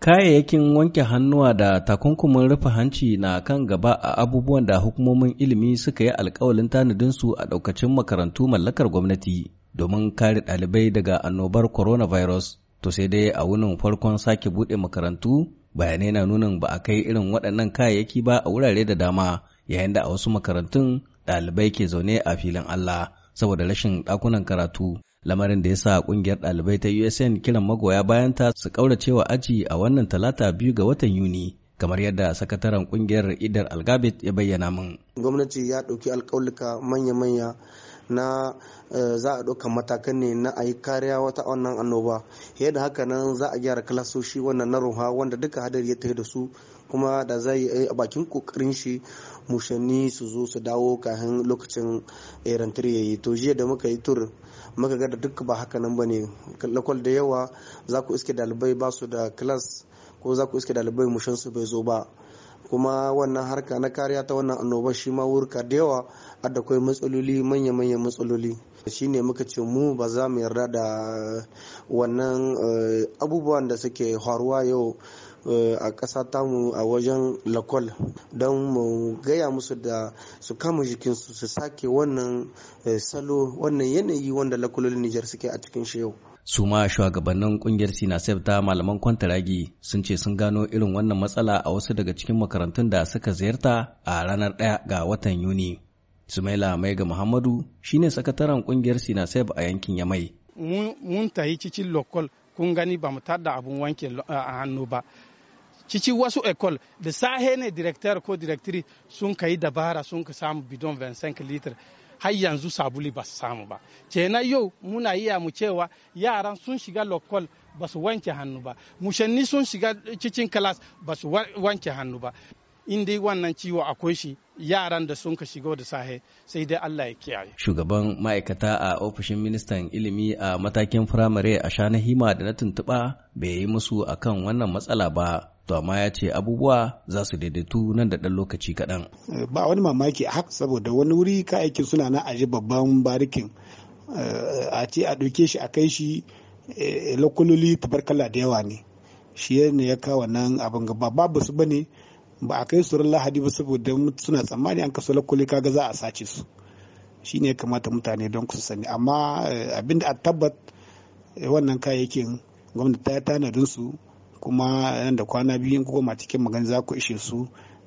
Kayayyakin wanke hannuwa da takunkumin rufe hanci na kan gaba a abubuwan da hukumomin ilimi suka yi alkawalin tanadinsu a ɗaukacin makarantu mallakar gwamnati domin kare ɗalibai daga annobar coronavirus. To sai dai a wunin farkon sake buɗe makarantu bayanai na nunin ba a kai irin waɗannan kayayyaki ba a wurare da dama yayin da a wasu makarantun ɗalibai ke zaune a filin Allah saboda rashin ɗakunan karatu. lamarin da ya sa kungiyar ɗalibai ta USN kiran magoya bayanta su kauracewa aji a wannan talata biyu ga watan Yuni kamar yadda sakataren kungiyar Idar Algabit ya bayyana min. Gwamnati ya ɗauki alƙaulika manya-manya na eh, za a ɗauka matakan ne na a yi kariya wata wannan annoba yadda haka nan za a gyara kalasoshi wannan na ruha wanda duka hadari ya tafi da su kuma da a yi eh, a bakin kokarin shi mushanni su zo su dawo kafin lokacin eh, rantar ya yi to jiya da muka yi tur muka ga da duk ba haka nan ne, lakwal da yawa za ku iske dalibai ba su da kilas ko za ku iske dalibai mushansu bai zo ba kuma wannan harka na kariya ta wannan annoba shi ma wurka da yawa adda kwai matsaloli manya-manyan matsaloli shi ne muka ce mu ba za mu yarda da eh, wannan eh, abubuwan da suke faruwa yau eh, a ƙasa mu a wajen lakol don mu gaya musu da su kama jikinsu su sake wannan salo wannan yanayi wanda lakololin nijar suke a cikin shi yau su ma shugabannin kungiyar sinasef ta malaman kwantaragi sun ce sun gano irin wannan matsala a wasu daga cikin makarantun da suka ziyarta a ranar ɗaya ga watan yuni sumaila ga muhammadu shine sakataren kungiyar sinasef a yankin yamai mun tahi cikin lokal kun gani ba mu tada abun wanke a hannu ba cici wasu ekol da sahe ne director ko directory sun kai dabara sun ka samu bidon 25 litre har yanzu sabuli ba su samu ba kenan yau muna iya mu cewa yaran sun shiga lokal ba su wanke hannu ba mushanni sun shiga cikin kalas ba su wanke hannu ba in dai wannan ciwo akwai shi yaran da sun ka shigo da sahe sai dai Allah ya kiyaye. Shugaban ma'aikata a ofishin ministan ilimi a matakin firamare a sha hima da na tuntuɓa bai yi musu akan wannan matsala ba. To amma ya ce abubuwa za su daidaitu nan da ɗan lokaci kaɗan. Ba wani mamaki a haka saboda wani wuri ka aikin suna na aji babban barikin eh, a ce a ɗauke shi a kai shi eh, lokololi tabarkala da yawa ne. Shi ne ya kawo nan abin gaba babu su bane ne ba a kai su ran lahadi ba saboda suna tsammani an kaso lakkoli kaga za a sace su shi ne kamata mutane don ku sani amma eh, abinda a tabbat eh, wannan kayayyakin gwamnati ta tanadin su kuma nan da kwana biyu ko kuma cikin magani za ku ishe su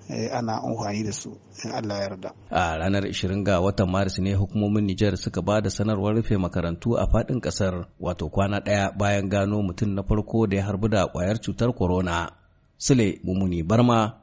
eh, ana amfani da su in Allah ya yarda. A ranar 20 ga watan Maris ne hukumomin Nijar suka ba da sanarwar rufe makarantu a fadin kasar wato kwana daya bayan gano mutum na farko da ya harbu da kwayar cutar corona. Sule Mumuni Barma